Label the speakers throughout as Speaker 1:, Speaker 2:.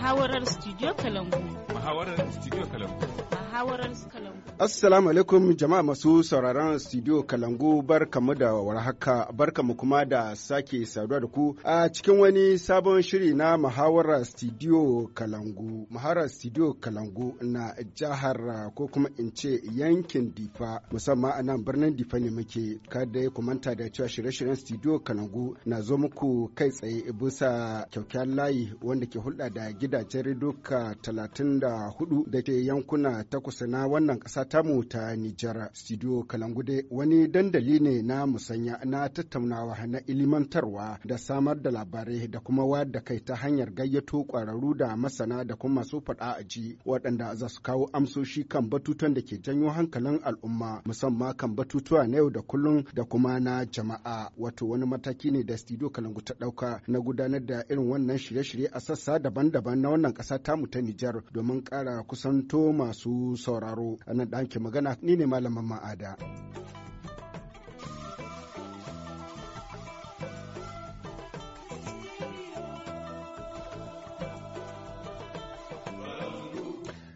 Speaker 1: Muhawarar Studio Kalangu.
Speaker 2: Muhawarar Studio Kalambu.
Speaker 1: Muhawarar Kalambu.
Speaker 3: Assalamu alaikum jama'a masu sauraron Studio Kalangu barkamu da warhaka barkamu kuma da sake saduwa da ku a cikin wani sabon shiri na Muhawarar Studio Kalangu. Muhawarar Studio Kalangu na jihar ko kuma in ce yankin Difa musamman a nan birnin Difa ne muke kada ya kumanta da cewa shirye-shiryen Studio Kalangu na zo muku kai tsaye bisa kyaukyar layi wanda ke hulɗa da gidajen ka 34 da ke yankuna kusa na wannan ƙasa tamu ta Nijar. Studio Kalangude wani dandali ne na musanya na tattaunawa na ilimantarwa da samar da labarai da kuma wayar kai ta hanyar gayyato ƙwararru da masana da kuma masu faɗa a ji waɗanda za su kawo amsoshi kan batutuwan da ke janyo hankalin al'umma musamman kan batutuwa na yau da kullum da kuma na jama'a wato wani mataki ne da studio kalangu ta ɗauka na gudanar da irin wannan shirye-shirye a sassa daban-daban na wannan ƙasa tamu ta Nijar domin kara kusanto masu sauraro. anan da magana ni ne malamin ma'ada.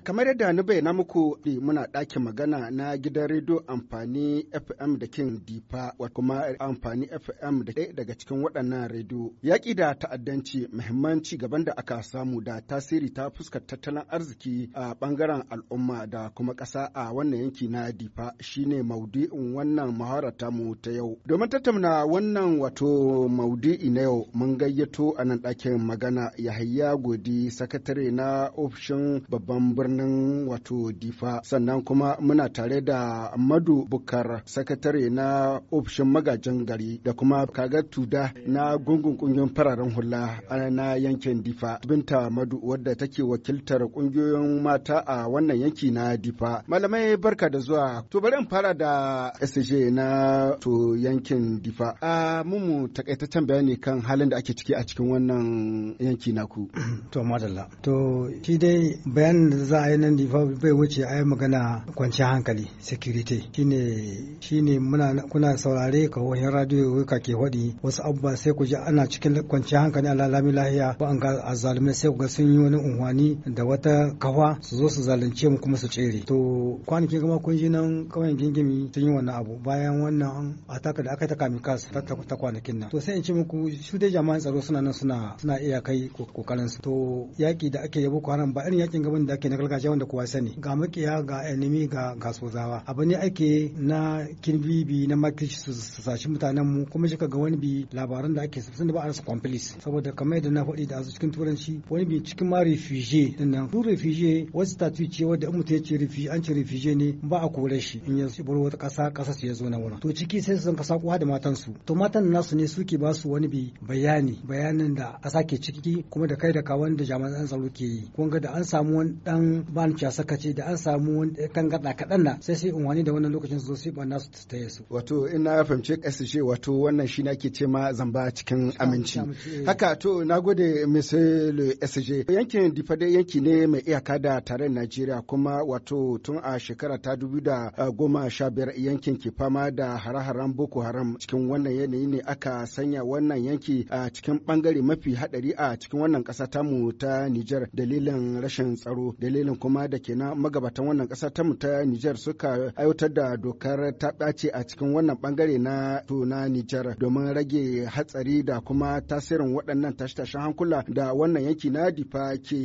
Speaker 3: Kamar yadda na bayyana muku eh, muna ɗakin magana na gidan rediyo amfani FM da kin difa kuma amfani FM da ɗaya daga cikin waɗannan rediyo. Yaƙi da ta'addanci muhimmanci gaban da aka samu da tasiri ta fuskar tattalin arziki a bangaren al'umma da kuma ƙasa a wannan yanki na difa shine maudu'in wannan muhawara mu ta yau. Domin tattauna wannan wato maudu'i na yau mun gayyato a nan ɗakin magana Yahaya Godi sakatare na ofishin babban birnin birnin wato difa sannan kuma muna tare da madu bukar sakatare na ofishin magajin gari da kuma kaga tuda na gungun kungiyoyin fararen hula na yankin difa binta madu wadda take wakiltar kungiyoyin mata a wannan yanki na difa malamai barka da zuwa to bari fara da sj na to yankin difa a mumu takaitaccen bayani kan halin da ake ciki a cikin wannan yanki naku to madalla
Speaker 4: to shi dai bayanin da za a ai nan difa bai wuce ai magana kwanciyar hankali security shine shine muna kuna saurare ka wani radio ka ke hodi wasu abubuwa sai ku ji ana cikin kwanciyar hankali alalami lahiya ba an ga azzalumai sai ku ga sun yi wani unhwani da wata kafa su zo su zalunce mu kuma su tsere to kwanaki kuma kun ji nan kawai gingimi sun yi wannan abu bayan wannan ataka da aka ta kamikas ta kwanakin nan to sai in ce muku su dai jama'an tsaro suna nan suna suna iya kai kokarin su to yaki da ake yabo kwanan ba irin yakin gaban da ake na gargajiya wanda kowa sani ga makiya ga enemy ga ga sozawa abu ne ake na kinbibi na makish su sashi mutanen mu kuma shi ga wani bi labaran da ake sun ba a rasa complice saboda kamar yadda na faɗi da asu cikin turanci wani bi cikin ma refugee din nan su refugee wasu tatu ce wadda in mutum ya ce refugee an ce refugee ne ba a kore shi in ya bar wata ƙasa ƙasa su ya zo na wurin to ciki sai su zanka saƙo da matan su. to matan nasu ne suke ba su wani bi bayani bayanin da a sake ciki kuma da kai da kawan da jami'an tsaro ke yi kun ga da an samu wani dan ban ba saka ce da an samu wani kan gada kaɗan na sai sai unwani da wannan lokacin su su ba su
Speaker 3: ta su. Wato in na fahimci ƙasa ce wato wannan shi na ke ce ma zamba cikin aminci. Eh. Haka to na gode misali SJ. Yankin Difade yanki ne mai iyaka da tarayyar Najeriya kuma wato tun a shekara ta dubu da goma sha biyar yankin ke fama da hare-haren Boko Haram cikin wannan yanayi ne aka sanya wannan yanki a cikin bangare mafi hadari a cikin wannan kasa tamu ta Nijar dalilin rashin tsaro dalilin dalilin kuma da ke na magabatan wannan ƙasa ta ta Nijar suka aiwatar da dokar ta ɓace a cikin wannan bangare na to Nijar domin rage hatsari da kuma tasirin waɗannan tashe-tashen hankula da wannan yanki na Difa ke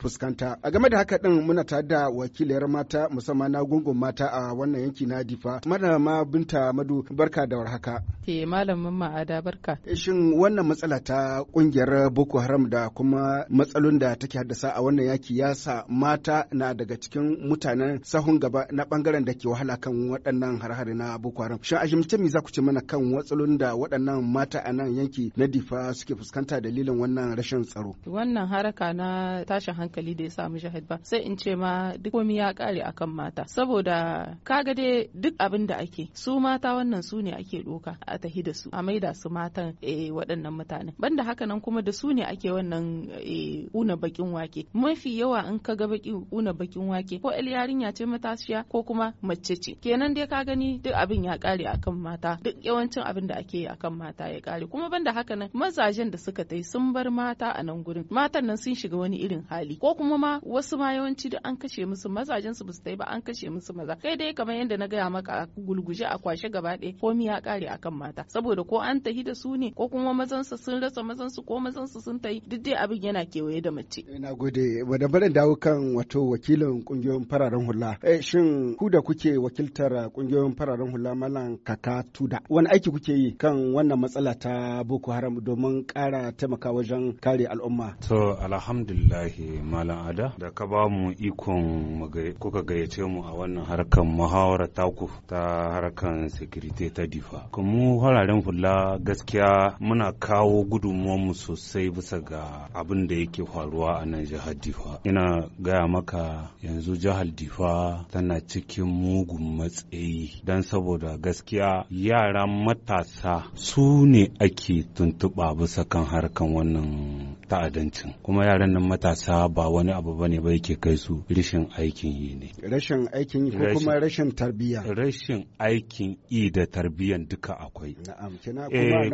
Speaker 3: fuskanta. A game da haka din muna ta da wakilar mata musamman na gungun mata a wannan yanki na Difa. Madama Binta Madu barka da warhaka.
Speaker 1: Ke malamin ma'ada barka. Eh, shin
Speaker 3: wannan matsala ta kungiyar Boko Haram da kuma matsalolin da take haddasa a wannan yaki ya sa mata mata na daga cikin mutanen sahun gaba na bangaren da ke wahala kan waɗannan harhare na Boko Haram. Shin a jimce me za ku ce mana kan watsalolin da waɗannan mata a nan yanki na Difa suke fuskanta dalilin wannan rashin tsaro?
Speaker 1: Wannan haraka na tashin hankali da ya samu shahid ba sai in ce ma duk komai ya kare akan mata saboda kaga dai duk abin da ake su mata wannan su ne ake doka a tahi da su a maida su matan eh, waɗannan mutanen banda haka nan kuma da su ne ake wannan eh, una bakin wake mafi yawa in ka ga baki kuna bakin wake ko el yarinya ce matashiya ko kuma mace ce kenan dai ka gani duk abin ya kare akan mata duk yawancin abin da ake yi akan mata ya kare kuma banda haka nan mazajen da suka tai sun bar mata a nan gurin matan nan sun shiga wani irin hali ko kuma ma wasu ma yawanci duk an kashe musu mazajen su basu tai ba an kashe musu maza kai dai kamar yadda na gaya maka a gulguje a kwashe gaba ɗaya komi ya kare akan mata saboda ko an tahi da su ne ko kuma mazansu sun rasa mazansu ko mazansu sun tahi duk dai abin yana kewaye da mace. Eh, na
Speaker 3: gode, wadda dawo kan wato wakilin kungiyoyin fararen hula e, shin ku da kuke wakiltar kungiyoyin fararen hula malam kaka tuda wani aiki kuke yi kan wannan matsala ta boko haram domin kara taimaka wajen kare al'umma
Speaker 5: to alhamdulillah malam ada da ka ba mu ikon kuka gayyace mu a wannan harkan muhawara taku ta harkan security ta difa kuma fararen hula gaskiya muna kawo mu sosai bisa ga abin da yake faruwa a nan jihar difa ina gaya maka yanzu jihar Difa tana cikin mugun matsayi don saboda gaskiya yaran matasa su ne ake tuntuɓa bisa kan harkan wannan ta'adancin kuma yaran nan matasa ba wani abu bane ba yake kai su rashin aikin yi ne
Speaker 3: rashin aikin yi ko kuma rashin tarbiyya rashin
Speaker 5: aikin yi da tarbiyyan duka akwai na'am kina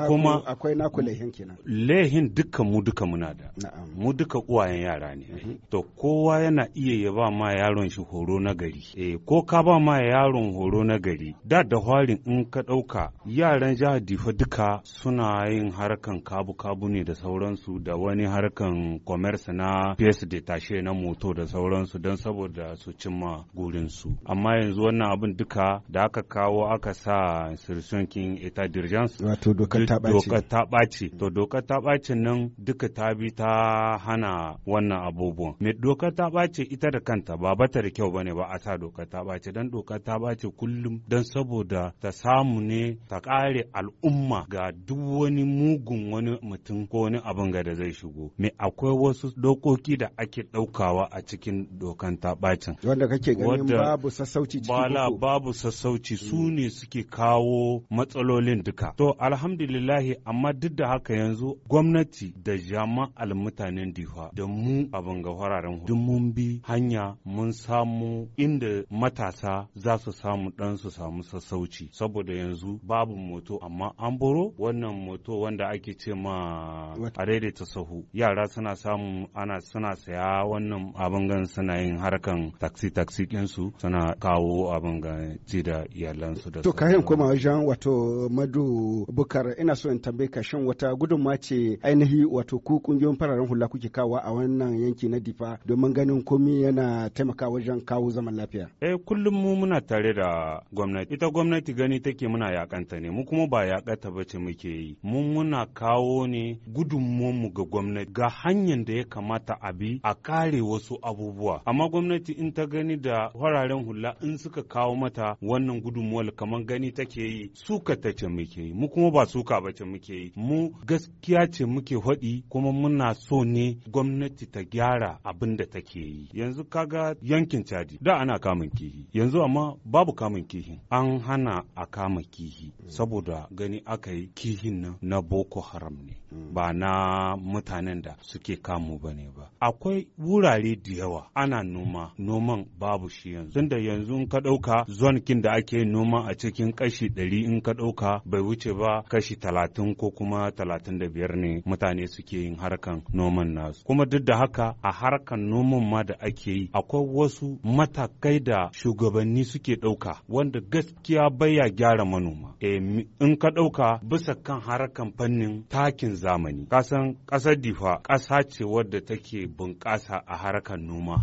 Speaker 5: kuma eh, akwai
Speaker 3: naku lehin kina.
Speaker 5: lehin duka mu duka muna da mu duka uwayen yara ne mhm. to kowa yana iya ya ba ma yaron shi horo na gari eh ko ka ba ma yaron horo na gari da da hwarin in ka ɗauka yaran jihar difa duka suna yin harkan kabu-kabu ne da sauransu da wani harkan commerce na pièce tashe na moto da sauransu don saboda su cimma gurinsu amma yanzu wannan abin duka da aka kawo aka sa instruction king eta dirigence
Speaker 3: wato dokar ta ɓaci dokar
Speaker 5: ta ɓaci to dokar ta ɓacin nan duka ta bi ta hana wannan abubuwan me dokar ta ɓaci ɓace ita da kanta ba bata da kyau bane ba a sa doka ta ɓace dan doka ta ɓace kullum dan saboda ta samu ne ta ƙare al'umma ga duk wani mugun wani mutum ko wani abin ga da zai shigo me akwai wasu dokoki da ake ɗaukawa a cikin dokan ta ɓacin
Speaker 3: wanda kake ganin babu sassauci bala
Speaker 5: babu sassauci su mm. ne suke kawo matsalolin duka to alhamdulillahi amma duk da haka yanzu gwamnati da jama'al mutanen difa da mu abin ga fararen duk mun bi hanya mun samu inda matasa za su samu dan su samu sassauci saboda yanzu babu moto amma an boro wannan moto wanda ake ce ma a daidaita sahu yara suna samu ana suna saya wannan abin gan suna yin harkan taksi taksi ɗinsu suna kawo abin gan ci da iyalansu
Speaker 4: da to kayan koma
Speaker 3: wajen wato madu bukar ina so in tambaye ka shan wata gudunma ce ainihi wato ku kungiyoyin fararen hula kuke kawa a wannan yanki na difa domin ganin komi yana taimaka wajen kawo zaman lafiya
Speaker 5: eh kullum mu muna tare da gwamnati ita gwamnati gani take muna yakanta ne mu kuma ba yakata ba ce muke yi mu muna kawo ne mu ga gwamnati ga hanyar da ya kamata a bi a kare wasu abubuwa amma gwamnati in ta gani da wararen hula in suka kawo mata wannan gudunmuwar kamar gani take yi suka ta ce muke yi mu kuma ba suka ba muke yi mu gaskiya ce muke haɗi kuma muna so ne gwamnati ta gyara abin da take yi yi yanzu kaga yankin cadi da ana kamun kihi yanzu amma babu kamun kihi an hana a kama kihi saboda gani aka yi kihin nan na boko haram ne hmm. ba na mutanen da suke kamu ba ne ba akwai wurare da yawa ana noma noman babu shi yanzu tunda yanzu in ka ɗauka zonkin da ake noma a cikin kashi ɗari in ka ɗauka bai wuce ba kashi talatin ko kuma talatin da biyar ne mutane suke yin harkan noman nasu kuma duk da haka a harkan noman ma da ake yi akwai wasu matakai da shugabanni suke ɗauka wanda gaskiya baya gyara manoma eh, in ka ɗauka bisa kan harakan fannin takin zamani kasan ƙasar difa ƙasa ce wadda take bunƙasa a harakan noma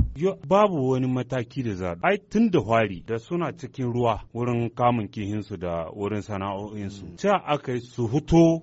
Speaker 5: babu wani mataki da za ai tun da hwari da suna cikin ruwa wurin kamun kihinsu da wurin sana'o'insu ta mm. aka su huto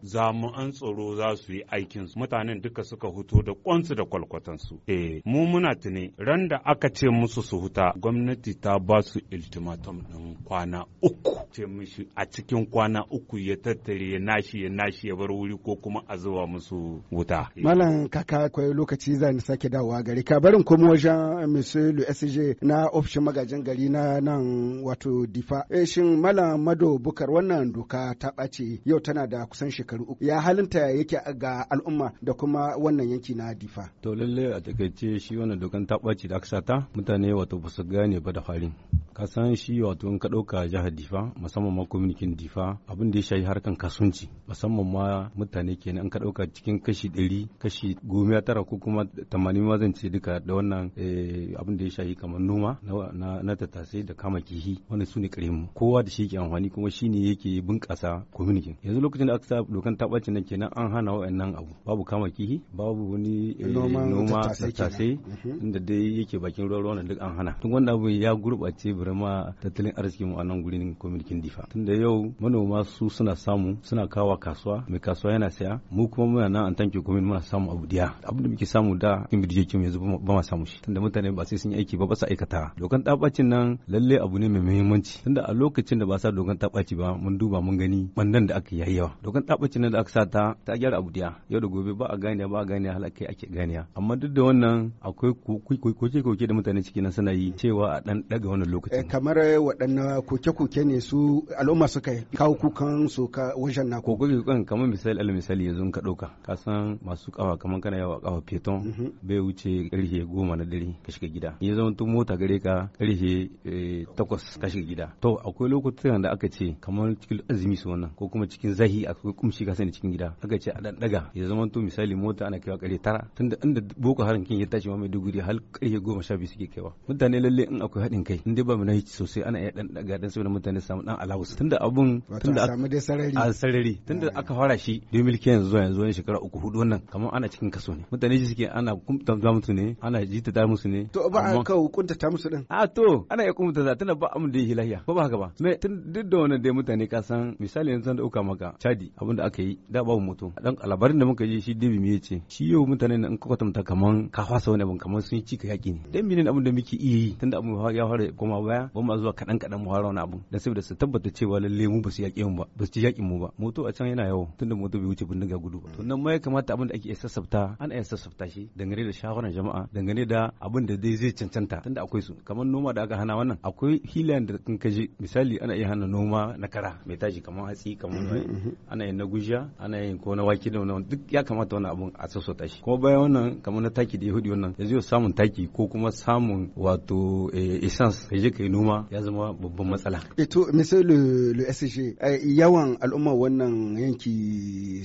Speaker 5: an tsaro za su yi aikinsu mutanen duka suka huto da kwansu da kwalkwatansu eh mu muna tuni ran da aka ce musu su huta gwamnati ta ba su ultimatum ɗin kwana uku ce mishi a cikin kwana uku ya tattare ya nashi ya nashi ya bar wuri ko kuma a zuwa musu wuta. Malam
Speaker 3: kaka akwai lokaci zan sake dawowa gari ka barin kuma wajen Monsieur sg na ofishin magajin gari na nan wato difa. E, shin Malam Mado Bukar wannan doka ta ɓace yau tana da kusan shekaru uku. Ya halinta yake ga al'umma da kuma wannan yanki na difa.
Speaker 2: To lalle a takaice shi wannan dokan ta ɓaci da aka ta mutane wato ba su gane ba da farin ka san shi wato in ka ɗauka jihar difa musamman ma kwaminikin difa abin da ya shayi harkan kasuwanci musamman ma mutane kenan in ka ɗauka cikin kashi ɗari kashi goma tara ko kuma tamanin ma zan ce duka da wannan eh, abin da ya shayi kamar noma na tattasai da kama kihi wannan su ne mu kowa da shi ke amfani kuma shi ne yake bunƙasa kwaminikin yanzu lokacin da aka sa dokan ta ɓaci nan kenan an hana wa'annan abu babu kama kihi babu wani eh, noma tattasai mhm. inda dai yake bakin ruwa ruwan duk an hana tun wanda abu ya gurɓace birama tattalin arziki mu a nan gurin kwamitin difa da yau manoma su suna samu suna kawa kasuwa mai kasuwa yana saya mu kuma muna nan an tanke komin muna samu abu diya abin da muke samu da in bidiyokin yanzu ba ma samu shi da mutane ba sai sun yi aiki ba ba su aikata dokan tabacin nan lalle abu ne mai muhimmanci da a lokacin da ba sa dokan tabaci ba mun duba mun gani bandan da aka yi yawa dokan tabacin nan da aka sa ta ta gyara abu diya yau da gobe ba a gane ba a gane halakai ake ganiya amma duk da wannan akwai koke-koke da mutane ciki nan suna yi cewa a dan daga wannan lokacin
Speaker 3: eh, kamar waɗannan kuke-kuke ne su al'umma suka kawo kukan su ka wajen na
Speaker 2: kuke kukan kamar misali alal misali yanzu ka ɗauka ka san masu kawa kamar kana yawa kawa feton mhm. bai wuce karfe goma na dare ka shiga gida ya zama tun mota gare ka karfe eh, takwas ka shiga gida to akwai lokutan da aka ce kamar cikin azumi su wannan ko kuma cikin zahi akwai kumshi ka sani cikin gida aka ce a dan daga ya zama tun misali mota ana kaiwa karfe tara tunda inda boko harin kin ya tashi ma mai duguri hal har goma sha biyu suke kaiwa mutane lalle in akwai haɗin kai in dai ba mu na hici sosai ana iya ɗan ɗaga ɗan saboda mutane samu ɗan alawus tunda abun tunda
Speaker 3: samu dai sarari a
Speaker 2: sarari tunda aka fara shi don milki yanzu zuwa yanzu wani shekara uku hudu wannan kamar ana cikin kaso ne mutane ji suke ana kumtata musu ne ana jita ta musu ne to ba a kawo kuntata musu din a to ana iya kumtata tunda ba amu da yi lahiya ba ba haka ba me tun duk da wannan dai mutane ka san misali yanzu da uka maka chadi abun da aka yi da babu moto dan labarin da muka ji shi dibi me yace shi yau mutane na in ka kwatanta kaman ka fasa wani abun kaman sun ci ka yaƙi ne dan menene abin da muke iya yi tunda abu ya fara koma baya ba mu zuwa kadan kadan mu fara wani abu da saboda su tabbata cewa lalle mu ba su yaƙe mu ba ba su ci yaƙin mu ba moto a can yana yawo tunda moto bai wuce bindiga gudu ba to nan ma ya kamata abin da ake sassafta ana iya sassafta shi dangane da shawaran jama'a dangane da abin da dai zai cancanta tunda akwai su kamar noma da aka hana wannan akwai hilayen da kan kaje misali ana iya hana noma na kara mai tashi kamar hatsi kamar mm-hmm, mm-hmm. ana yin na guja ana yin ko na wake da wannan duk ya kamata wannan abun a sassauta shi kuma bayan wannan kamar na taki da yahudi wannan zai samun taki ko kuma samun wato eh, essence ka je ka yi noma ya zama babban matsala.
Speaker 3: Ito eh, misali le SG eh, yawan al'umma wannan yanki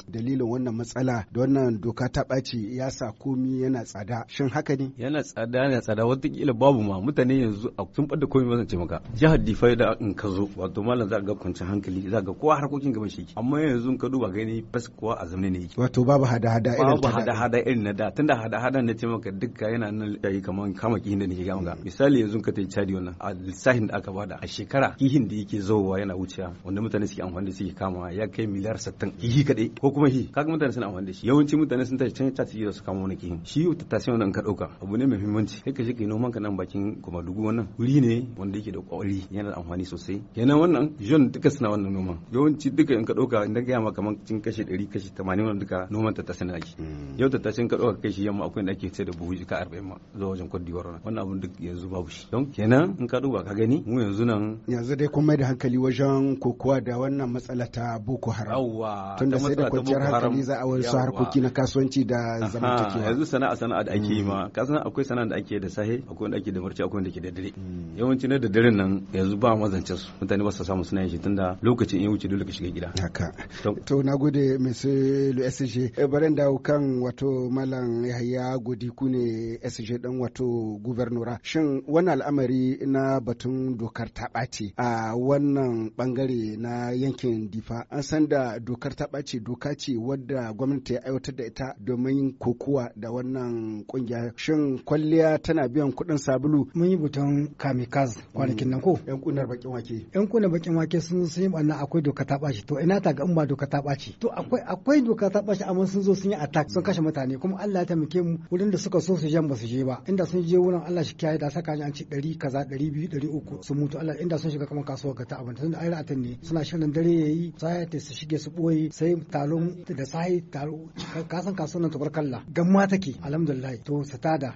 Speaker 3: dalilin wannan matsala da wannan doka ta ɓaci ya sa komi yana tsada shin haka ne
Speaker 2: yana tsada yana tsada watakila babu ma mutane yanzu a sun fadda komi ba ce maka jihar difai da in ka zo wato malam za ga kwanciyar hankali za ga kowa harkokin gaban shi amma yanzu ka duba gani fas kowa a zamne ne yake
Speaker 3: wato babu hada hada irin babu hada
Speaker 2: hada irin na da tunda hada hada na ce maka dukka yana nan yayi eh, kaman kama kihin da nake ga maka mm. misali yanzu ka tai chadi wannan a lissahin da aka bada a shekara kihin da yake zowa yana wucewa wanda mutane suke amfani da suke kama ya kai miliyar 60 kihi kadai ko kuma hi kaga mutane suna amfani da shi yawanci mutane sun tashi can chat da su kama wani kihin shi tattase wannan ka dauka abu ne mai muhimmanci kai ka shi kai noman ka nan bakin kuma dugu wannan wuri ne wanda yake da kwari yana da amfani sosai yana wannan jon duka suna wannan noman yawanci duka in ka dauka in ga yamma kamar cin kashi 100 kashi 80 wannan duka noman tattase na ake hmm. yau tattase in ka dauka shi yamma akwai da ake sai da buhu ka 40 ma zuwa wajen Cote d'Ivoire wannan abun duk yanzu babu shi don kenan in ka duba ka gani mu yanzu nan
Speaker 3: yanzu dai kun mai da hankali wajen kokowa da wannan matsala ta Boko Haram tunda sai da kwanciyar hankali za a wasu harkoki na kasuwanci da zamantakewa yanzu
Speaker 2: sana'a sana'a da ake yi hmm. ma ka san akwai sana'a da ake da sahe akwai wanda ake da marci akwai wanda ke da dare hmm. yawanci na da dare nan yanzu ba mazancin su mutane ba su samu suna yin shi tunda lokacin in wuce dole ka shiga gida
Speaker 3: haka to nagode monsieur le SG eh, bari da kan wato malam Yahaya ku ne SG dan wato gubernura shin wannan al'amari na batun dokar ta ɓace a wannan bangare na yankin Difa an san da dokar ta ɓace dokar doka ce wadda gwamnati ya aiwatar da ita domin kokuwa da wannan kungiya shin kwalliya tana biyan kuɗin sabulu
Speaker 4: mun yi buton kamikaz kwanakin nan ko
Speaker 3: mm. yan kunar bakin wake
Speaker 4: yan kunar bakin wake sun sun yi banna akwai doka ta ɓaci to ina ta ga in ba doka ta ɓaci to akwai akwai doka ta ɓaci amma sun zo sun yi attack sun kashe mutane kuma Allah ya taimake mu wurin da suka so su jan ba su je ba inda sun je wurin Allah shi kiyaye da saka ni an ci 100 kaza 200 300 sun mutu Allah inda sun shiga kamar kasuwar ga ta abin tunda da ai ra'atan ne suna shirin dare yayi sai ta su shige su boye sai talo kullum da sahi ka san kasuwan tubarkalla gan ma take alhamdulillah to satada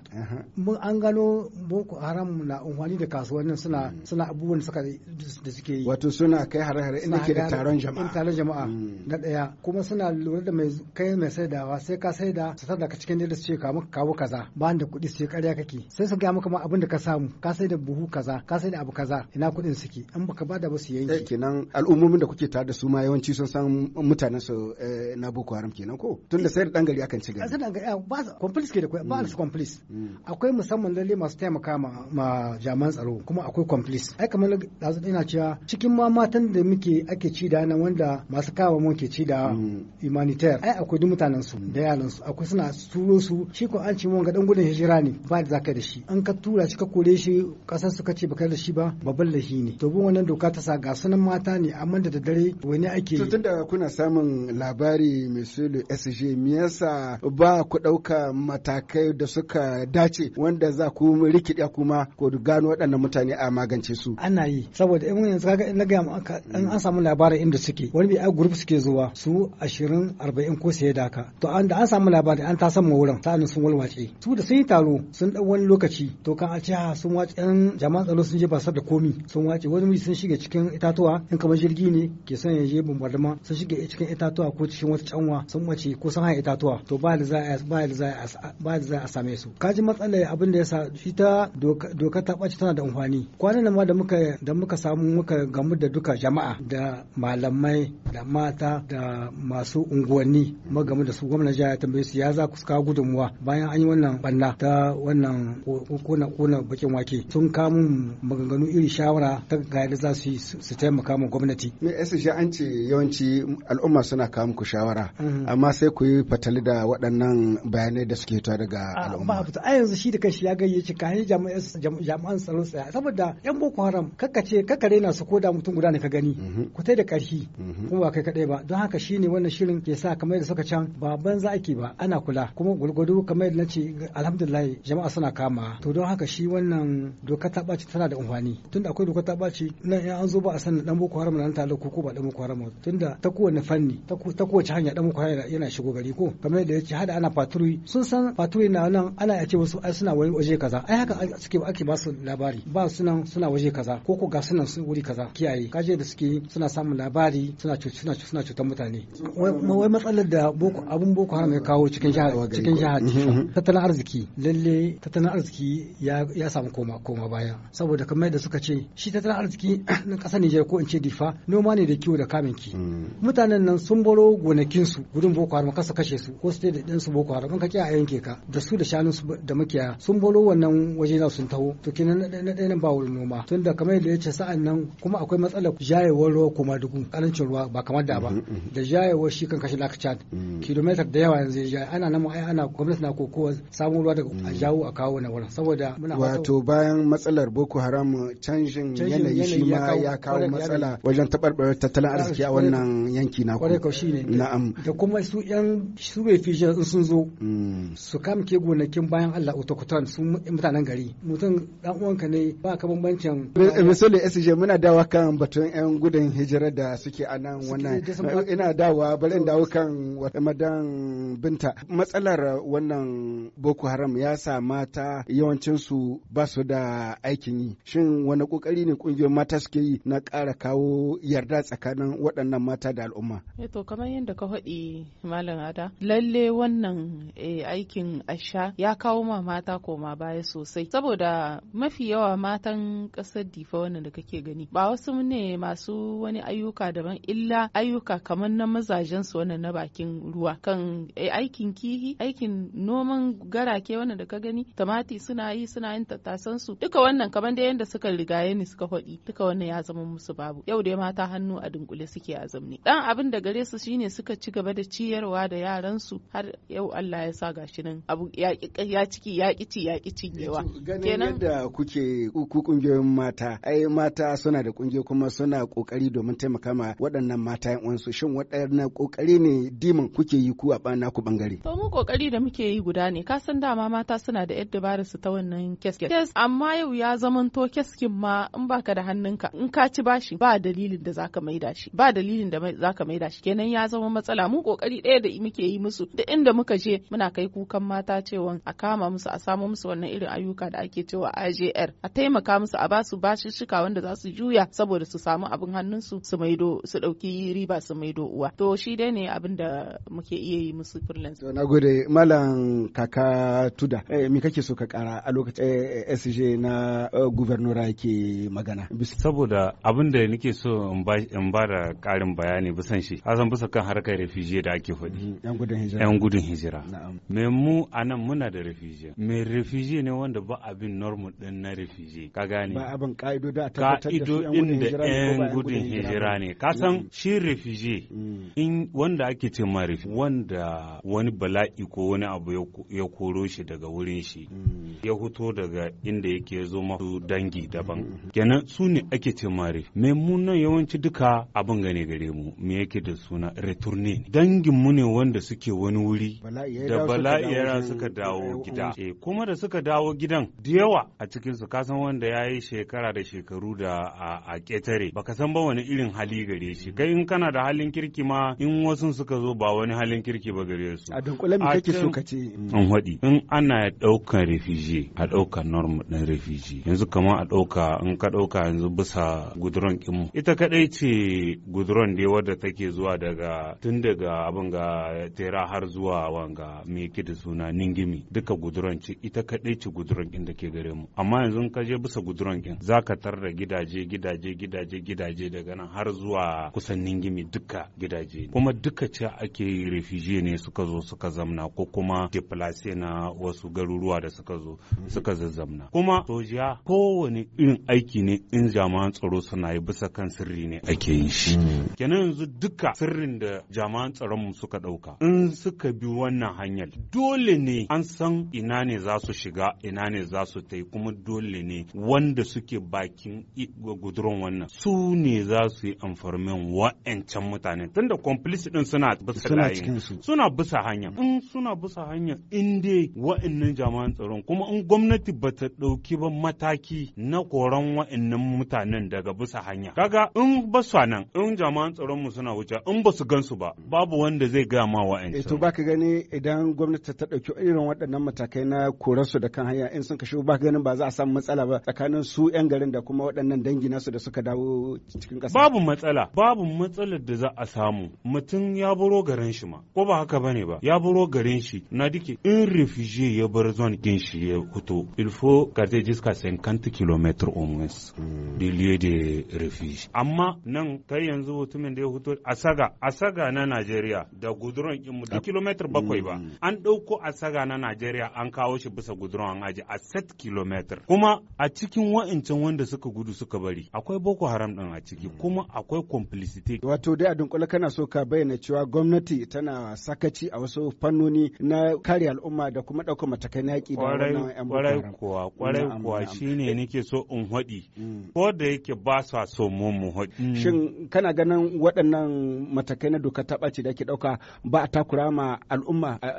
Speaker 4: mun an gano boko haram na unhwani da kasuwannin suna mm. suna abubuwan suka
Speaker 3: da suke yi wato suna kai
Speaker 4: hare-hare inda ke da taron jama'a taron jama'a mm. na daya kuma suna lura da mai kai mai saidawa sai ka saida satada ka cikin da su ka maka kawo kaza ba da kuɗi sai ƙarya kake sai su ga maka ma abin da ka samu ka saida buhu kaza ka saida abu kaza ina kuɗin suke in baka bada ba su
Speaker 3: yanki eh, kenan al'ummomin da kuke tare da su ma yawanci sun san mutanen su eh, na boko haram kenan ko tun da sayar dan
Speaker 4: gari akan ci gari dan gari ba complice ke da kai ba mm. su complice mm. akwai musamman lalle masu taimaka ma jaman tsaro kuma akwai complice ai kamar dazu ina cewa cikin ma matan da muke ake ci da nan wanda masu kawo mu ke ci da mm. humanitarian ai akwai duk mutanen su da yalan su akwai suna turo su shi ko an ci mun ga dan gudun hijira ne ba da zakai da shi an ka tura shi ka kore shi kasar su kace baka da shi ba babban lahi ne to bin wannan doka ta sa ga sunan mata ne amma da daddare wani ake
Speaker 3: tunda kuna samun labari mai sulu sg miyasa ba ku ɗauka matakai da suka dace wanda za ku rikida kuma
Speaker 4: ko gano waɗannan mutane a magance su ana yi saboda in yanzu kaga na ga in an samu labarin inda suke wani bai a group suke zuwa su 20 40 ko sai da ka to an da an samu labarin an ta samu wurin sa'an sun walwace su da sun yi taro sun dau wani lokaci to kan a ce ah, sun wace yan jama'an tsaro sun je ba da komi sun wace wani sun shiga cikin itatuwa in kamar jirgi ne ke son ya je bombardama sun shiga cikin itatuwa ko cikin wata canwa sun mace ko sun haɗa itatuwa to ba da za a ba da za a ba same su kaji matsalar abin da ya sa shi ta doka ta ɓace tana da amfani kwanan nan ma da muka da muka samu muka gamu da duka jama'a da malamai da mata da masu unguwanni gamu da su gwamnati ya tambaye su ya za ku ka gudunmuwa bayan an yi wannan banna ta wannan kona kona bakin wake sun kamun maganganu iri shawara ta ga yadda za su su taimaka ma gwamnati
Speaker 3: me yasa an ce yawanci al'umma suna kamun muku shawara mhm. amma sai ku yi fatali da
Speaker 4: waɗannan bayanai da suke tuwa daga al'umma ba a yanzu shi da shi ya gayyace ka kayan jami'an tsaron tsaya saboda yan boko haram kakace kakare na su koda mutum guda ne ka gani mhm. ku tai da ƙarfi mhm. kuma ba kai kadai ba don haka shine wannan shirin ke sa kamar yadda suka can ba banza ake ba ana kula kuma gulgudu kamar yadda nace alhamdulillah jama'a suna kama to don haka shi wannan doka ta ɓaci tana da amfani tunda akwai doka ta ɓaci nan an zo ba a san dan boko haram nan ta ko ba dan boko haram tunda ta kowane fanni ta ta kowace hanya dan muku yana shigo gari ko kamar da yake hada ana faturi sun san faturi na nan ana yace wasu ai suna wani waje kaza ai haka suke ake ba su labari ba su nan suna waje kaza ko ko ga sunan su wuri kaza kiyaye kaje da suke suna samun labari suna suna suna cutar mutane wai matsalar da boko abun boko haram ya kawo cikin jihar cikin jihar mm-hmm. tattalin arziki lalle tattalin arziki ya samu koma koma baya saboda kamar da suka ce shi tattalin arziki na kasar Nijar ko in ce difa noma ne da kiwo da kamin ki mm. mutanen nan sun baro gonakin su gudun boko haram kasa kashe su ko su da ɗinsu boko haram ka kiya a yanke ka da su da su da makiya sun bolo wannan waje na sun taho to kenan na ɗaya nan ba wurin noma tunda da kamar yadda ya ce sa'an nan kuma akwai matsalar jayewar ruwa kuma dugu ƙarancin ruwa ba kamar da ba mm-hmm, mm-hmm. da jayewar shi kan kashe laka chad mm. kilometer da yawa yanzu ya ana nan ai ana gwamnati na kokowa samu ruwa daga a mm. jawo a kawo na wurin saboda muna wato
Speaker 3: bayan matsalar boko haram canjin yanayi shi ma ya kawo matsala
Speaker 4: wajen taɓarɓarar tattalin arziki a wannan yanki na kwarai ne da kuma su yan su refugee in sun zo mm. su kamke gonakin bayan Allah autochthon su mutanen gari mutum dan uwanka ne ba ka bambancin misali
Speaker 3: SJ muna dawa kan batun yan gudun hijira da suke a nan wannan ina dawa bari in dawo kan madan binta matsalar wannan Boko Haram ya sa mata yawancin su ba su da aikin yi shin wani kokari ne kungiyoyin mata suke yi na ƙara kawo yarda tsakanin waɗannan mata da al'umma
Speaker 1: eh, to kamar kamar yadda ka faɗi malam ada lalle wannan eh, aikin asha ya kawo ma mata koma baya sosai saboda mafi yawa matan ƙasar difa wannan da kake gani ba wasu ne masu wani ayyuka daban illa ayyuka kamar na mazajen su wannan na bakin ruwa kan eh, aikin kihi aikin noman garake wannan da ka gani tamati suna yi suna yin tattasan su duka wannan kamar da yadda suka rigaye ni suka faɗi duka wannan ya zama musu babu yau dai mata hannu a dunkule suke a zamne dan abin da gare su shine shine suka ci gaba da ciyarwa da yaransu har yau Allah ya sa gashi nan abu ya ciki ya kici ya kici yawa kenan da
Speaker 3: kuke ku kungiyoyin mata ai mata suna da kungiyoyi kuma suna kokari domin taimaka ma waɗannan mata yan uwansu shin waɗannan kokari ne dimin kuke yi ku a bana ku bangare to
Speaker 1: mu kokari da muke yi guda ne ka san dama mata suna da yadda ba su ta wannan kes kes amma yau ya zamanto keskin ma in baka da hannunka in ka ci bashi ba dalilin da zaka maida shi ba dalilin da zaka maida shi kenan ya ya zama matsala mu kokari ɗaya da muke yi musu duk inda muka je muna kai kukan mata cewa a kama musu a samo musu wannan irin ayyuka da ake cewa AJR a taimaka musu a basu bashishika wanda za su juya saboda su samu abin hannun su su maido su dauki riba su maido uwa to shi dai ne abin da muke iya yi musu freelance to nagode
Speaker 3: malam kaka tuda eh, me kake so ka kara a lokacin eh, SG na uh, yake magana
Speaker 5: saboda abin da nake so in ba da karin bayani bisan shi azan bisa kan harkar refugee da ake faɗi mm, yan gudun hijira me mu a nan muna da refugee me refugee ne wanda ba abin normal ɗin na refugee ka gane ba
Speaker 3: abin da a tabbatar da su yan gudun hijira ne ka san
Speaker 5: shi refugee mm. in wanda ake ce ma wanda wani bala'i ko wani abu ya koro shi daga wurin shi mm. ya fito daga inda yake zo masu dangi daban mm-hmm. kenan su ne ake ce ma me mu nan yawanci duka abin gane gare mu me yake da suna returne danginmu ne wanda suke wani wuri da bala'i suka dawo gida eh, kuma da suka dawo gidan da yawa a cikin su kasan wanda ya yi shekara da shekaru da a ƙetare baka san ba wani irin hali gare shi mm. kai in kana da halin kirki ma in wasu suka zo ba wani halin kirki ba gare su a
Speaker 3: dunkule me kake so ka ce in
Speaker 5: mm. in ana ɗaukan refugee a ɗaukan norm ɗin refugee yanzu kamar a ɗauka in ka ɗauka yanzu bisa gudron kinmu ita kadai ce gudron da wadda take zuwa daga da tun daga abin ga tera har zuwa wanga mai yake da suna ningimi duka guduran ce ita kaɗai ci guduran ɗin da ke gare mu amma yanzu ka je bisa guduran ka zaka da gidaje gidaje gidaje gidaje daga nan har zuwa kusan ningimi duka gidaje kuma duka ce ake yi refugee ne suka zo suka zamna ko kuma deplace na wasu garuruwa da suka zo suka zazzamna kuma sojiya kowane irin aiki ne in jami'an tsaro suna yi bisa kan sirri ne ake yin shi mm. kenan yanzu duka sirrin matakin da jami'an tsaronmu suka ɗauka in suka bi wannan hanyar dole ne an san ina ne za su shiga ina ne za su ta kuma dole ne wanda suke bakin gudurin wannan su ne za su yi amfarmin wa'ancan mutane tunda complice din suna bisa layin suna bisa hanya in suna bisa hanya in dai wa'annan jama'an tsaron kuma in gwamnati ba ta ɗauki ba mataki na koran wa'annan mutanen daga bisa hanya kaga in ba su nan in jama'an tsaron mu suna wuce in ba su gansu ba babu wanda zai gaya ma wa'ancan.
Speaker 3: Eh, to baka gani idan gwamnati ta ɗauki irin waɗannan matakai na korarsu da kan hanya in sun kashe baka ganin ba za a samu matsala ba tsakanin su 'yan garin da kuma waɗannan dangi nasu da suka dawo cikin ƙasa. babu matsala babu
Speaker 5: matsalar da za a samu mutum ya buro garin shi ma ko ba haka bane ba ya buro garin shi na dike in refugee ya bar zon din shi ya fito il faut garder jusqu'à 50 km au moins hmm. de lieu de refuge amma nan kai yanzu mutumin da ya fito a saga a asaga na Najeriya da guduron mu da kilometer bakwai ba mm. an ɗauko asaga na Najeriya an kawo shi bisa guduron an aji a set kilometer kuma a cikin wa'incan wanda suka gudu suka bari akwai Boko Haram ɗin a ciki mm. kuma akwai complicity.
Speaker 3: Wato dai a dunkule kana so ka bayyana cewa gwamnati tana sakaci a wasu fannoni na kare al'umma da kuma ɗaukar matakai na yaƙi da wannan 'yan Boko Haram. kuwa kwarai kuwa
Speaker 5: shine eh. nake so in haɗi mm. ko da yake ba sa so mu mu haɗi.
Speaker 3: Shin kana ganin waɗannan matakai na doka ta ɓace da ake ɗauka ba a takura ma al'umma a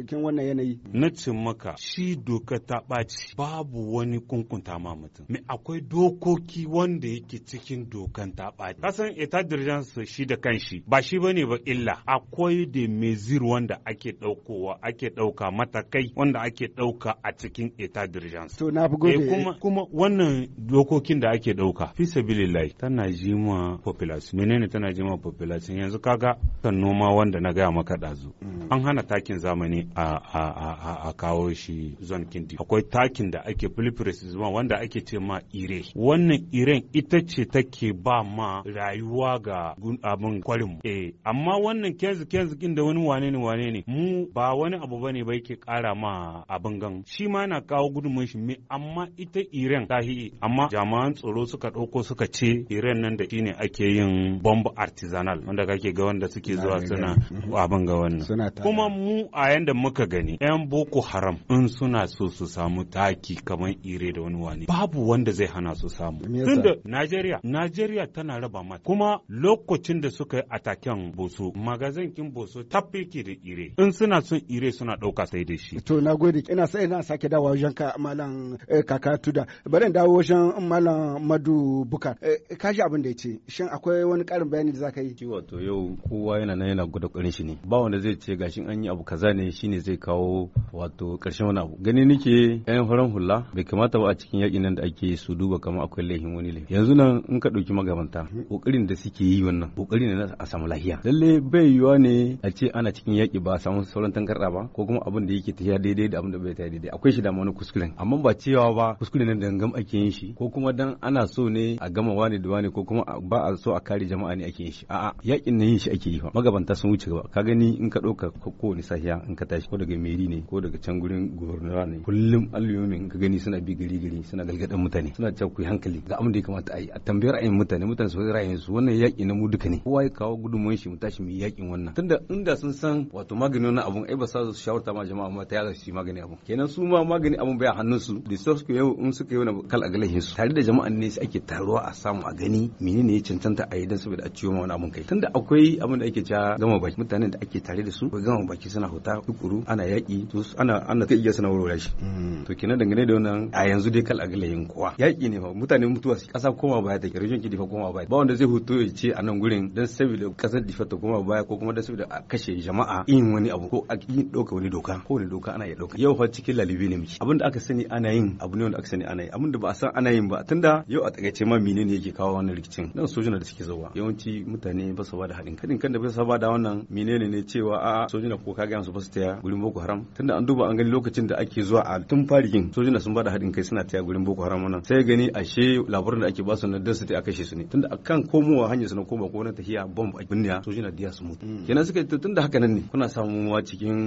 Speaker 3: cikin wannan yanayi. Na ce maka shi doka ta ɓace babu wani kunkunta ma
Speaker 5: mutum. Me akwai dokoki wanda yake cikin dokan ta ka Kasan ita dirjansa shi da kanshi ba shi ne ba illa akwai da mezir wanda ake ɗaukowa ake ɗauka matakai wanda ake ɗauka a cikin ita dirjansa. To na fi gode. Eh, kuma wannan dokokin da ake ɗauka fi sabilillahi tana jima population menene tana jima population yanzu kaga kan noma wanda na gaya maka ɗazu mm. an hana takin zamani a kawo shi zon kindi akwai takin da ake zuma wanda ake ce ma ire wannan iren ita ce take ba ma rayuwa ga abin kwarin mu eh amma wannan kenzu kenzu da wani wane ne wane ne mu ba wani abu bane ba yake kara ma abin gan shi ma na kawo gudunmun shi me amma ita iren tahi amma jama'an tsaro suka ɗauko suka ce iren nan da shine ake yin bomb artisanal wanda kake ga wanda suke zuwa suna abin ga wannan kuma mu a yanda muka gani yan boko haram in suna so su samu taki kamar ire da wani wani babu wanda zai hana su samu tunda Najeriya Najeriya tana raba mata kuma lokacin da suka yi ataken boso magazin kin boso ke da ire in suna son ire suna dauka sai da shi
Speaker 3: to gode ina sai ina sake dawo wajen ka malam eh, kaka tuda bari dawo wajen malam madu bukar eh, kaji abin da ce shin akwai wani karin bayani da zaka
Speaker 2: yi wato yau kowa yana nan yana gwada kwarin shi ne ba wanda zai ce gashin an yi abu kaza ne shine zai kawo wato ƙarshen wani abu gani nake yan faran hula bai kamata ba a cikin yakin nan da ake su duba kamar akwai laifin wani laifi yanzu nan in ka ɗauki magabanta ƙoƙarin da suke yi wannan ƙoƙari ne na a samu lahiya lalle bai yiwuwa ne a ce ana cikin yaƙi ba a samu sauran tankarɗa ba ko kuma abin da yake tafiya daidai da abin da bai tafiya daidai akwai shi da wani kuskuren amma ba cewa ba kuskure da gam ake yin shi ko kuma dan ana so ne a gama wani da wani ko kuma ba a so a kare jama'a ne ake yin shi a'a yaƙin ne yin shi ake yi fa magabanta sun wuce gaba ka gani in ka ɗauka kowane sahiya in ka tashi ko daga meri ne ko daga can gurin gubernura ne kullum alluyomin ka gani suna bi gari gari suna galgadan mutane suna cewa ku hankali ga abin da ya kamata a yi a tambayar ra'ayin mutane mutane su ra'ayin su wannan yaƙi na mu duka ne kowa ya kawo gudunmuwan shi mu tashi mu yaƙin wannan tunda inda sun san wato maganin wannan abun ai ba sa su shawarta ma jama'a ma ta yaza shi magani abun kenan su ma magani abun bai hannun su da su suka yau in suka yi wani kal a galahin su tare da jama'an ne ake taruwa a samu a gani menene ya cancanta a yi dan saboda a ciwo ma wani abun kai tunda akwai akwai abin da ake cewa gama baki mutanen da ake tare da su ko gama baki suna huta tukuru ana yaki to ana ana ta iya suna wurwura shi mm. to kina dangane da wannan a yanzu dai kal agalayin kuwa yaki ne fa mutane mutuwa su kasa koma baya da region ki difa koma baya ba wanda zai huto ya ce a nan gurin dan saboda kasar difa ta koma baya ko kuma dan saboda a kashe jama'a in wani abu ko a yin dauka wani doka ko wani doka ana iya dauka yau fa cikin lalibi ne miki abin da aka sani ana yin abu ne wanda aka sani ana yi abin da ba a san ana yin ba tunda yau a takaice ma menene yake kawo wannan rikicin nan sojuna da suke zuwa yawanci mutane ba su ba da haɗin kadin kan da bai saba da wannan menene ne cewa a sojina ko kaga su basu taya gurin Boko Haram tunda an duba an gani lokacin da ake zuwa a tun farikin sojina sun bada hadin kai suna taya gurin Boko Haram wannan sai gani ashe labarin da ake ba su na dan su ta kashe su ne tunda akan komowa hanyar su na koma ko na tahiya bomb a binniya sojina diya su mutu mm. kenan suka yi tunda haka nan ne kuna samu wa cikin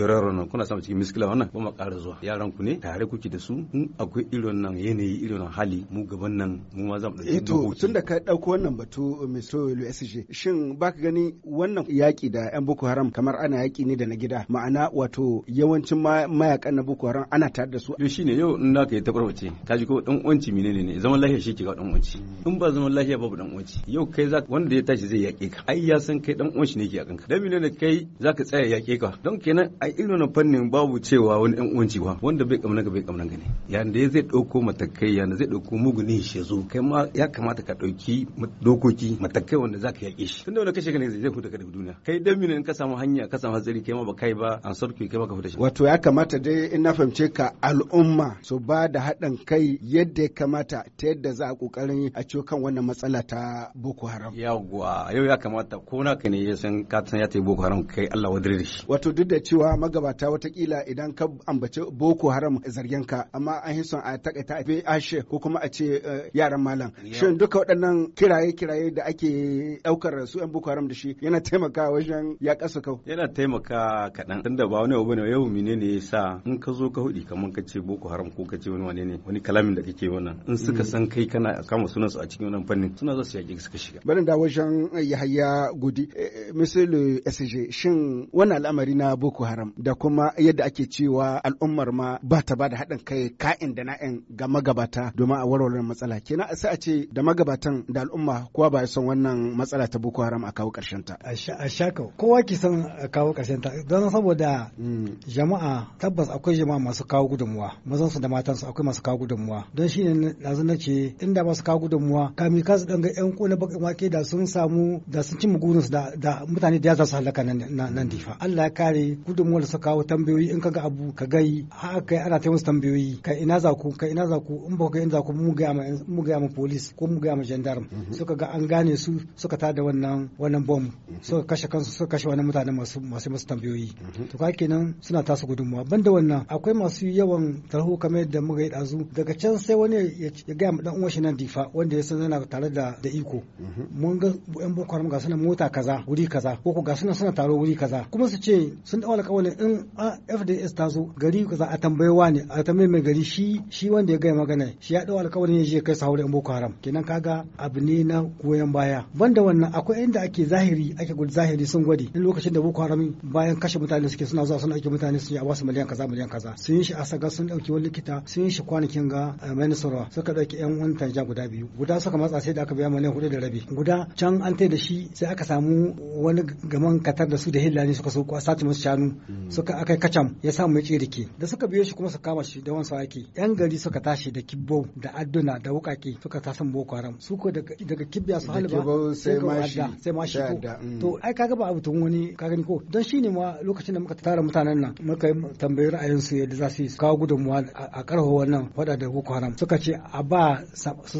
Speaker 2: iraro eh, nan kuna samu cikin miskila wannan ba ma ƙara zuwa yaran ku ne tare kuke da su in akwai irin nan yanayi irin nan hali mu gaban nan mu ma za mu ɗauki eh
Speaker 3: tunda ka ɗauko wannan batu Mr. SG shin baka gani wannan yaƙi da 'yan Boko Haram kamar ana yaƙi ne da na gida ma'ana wato yawancin mayakan na Boko Haram ana tare da su.
Speaker 2: To shine yau in naka yi tabarwace ka ji ko dan uwanci menene ne zaman lafiya shi ke ga dan uwanci in ba zaman lafiya babu dan uwanci yau kai za wanda ya tashi zai yaƙe ka ai ya san kai dan uwanci ne ke yaƙan ka dan menene kai ka tsaya yaƙe ka don kenan a irin fannin babu cewa wani dan uwanci ba wanda bai kamna ka bai kamna ka ne yanda ya zai dauko matakai yanda zai dauko mugunin shi zo kai ma ya kamata ka dauki dokoki matakai wanda ka yaƙe shi tunda kashe shiga ne zai fita ka daga duniya kai dan mina in ka samu hanya ka samu hatsari kai ma ba kai ba an sarki kai ba ka fita shi
Speaker 3: wato ya kamata dai in na fahimce ka al'umma su ba da haɗin kai yadda ya kamata ta yadda za a kokarin a ciwo kan wannan matsala ta Boko Haram
Speaker 2: yawwa yau ya kamata ko na ka ne ya san ka san ya ta Boko Haram kai Allah wadare da shi
Speaker 3: wato duk da cewa magabata watakila idan ka ambace Boko Haram zargen ka amma an son a takaita a ashe ko kuma a ce eh, yaran malam shin duka waɗannan kiraye kiraye da ake daukar su yan Boko boko haram da shi yana taimaka wajen ya kasa kau
Speaker 2: yana taimaka kaɗan tunda ba wani abu ne yau mine ne sa in ka zo ka hudi kamar ka ce boko haram ko ka ce wani wane ne wani kalamin da kake wannan in suka mm. san kai kana kama sunan su a cikin wannan fannin suna za su yaƙi suka shiga
Speaker 3: barin da wajen yahaya gudi eh, eh, le SG shin wannan al'amari na boko haram da kuma yadda ake cewa al'ummar ma ba ta ba da haɗin kai ka'in da na'in ga magabata domin a warware matsala kenan sai a ce da magabatan da al'umma kowa ba son wannan matsala ta boko haram
Speaker 4: a kawo ƙarshen ta a sha kowa ki san a kawo ƙarshen ta don saboda mm. jama'a tabbas akwai jama'a masu kawo gudunmuwa mazan su da matan su akwai masu kawo gudunmuwa don shine na zan ce inda masu kawo gudunmuwa kami ka su danga yan kona bakin wake da sun samu da sun ci mugurin su da mutane da ya za su halaka nan difa Allah ya kare da su kawo tambayoyi in ka ga abu ka gai haka kai ana ta musu tambayoyi ka ina za ku ka ina za ku in ba ka in za ku mu ga mu ga mu police ko mu ga mu gendarme mm-hmm. suka ga an gane su suka tada wannan wannan bom suka kashe kansu suka kashe wani mutane masu masu masu tambayoyi mhm. to ka kenan suna tasu gudunmuwa banda wannan akwai masu yawan tarho kamar yadda muka yi dazu daga can sai wani ya gaya dan uwan shi nan difa wanda ya san yana tare da da iko mhm. mun ga yan boko haram ga suna mota kaza wuri kaza ko ga suna suna taro wuri kaza kuma su ce sun dawo alƙawarin in FDS ta zo gari kaza a tambaye wani a tambaye mai gari shi shi wanda ya gaya magana shi ya dawo alƙawarin ya je kai sa yan boko haram kenan kaga abu ne na goyon baya banda wannan akwai inda ake zahiri ake gudu zahiri sun gwade in lokacin da boko haram bayan kashe mutane suke suna zuwa suna ake mutane sun yi a wasu miliyan kaza miliyan kaza sun yi shi a saka sun dauki wani likita sun yi shi kwanakin ga eh, mai suka dauki yan wani tanja guda biyu guda suka matsa sai da aka biya miliyan hudu da rabi guda can an tai da shi sai aka samu wani gaman katar da su da hillani suka so sace musu shanu hmm. suka aka kacam ya samu ya tsirike da suka biyo shi kuma su kama shi da sa ake yan gari suka tashi da kibbo da adduna da wukake suka tasan boko haram su ko daga kibbiya su halba sai ma shi mm. to ai kaga ba abutun wani kaga ni ko don shine ma lokacin da muka tara mutanen nan muka tambayi ra'ayin su yadda za su yi kawo gudunmuwa a karho wannan fada da Boko Haram suka ce a ba su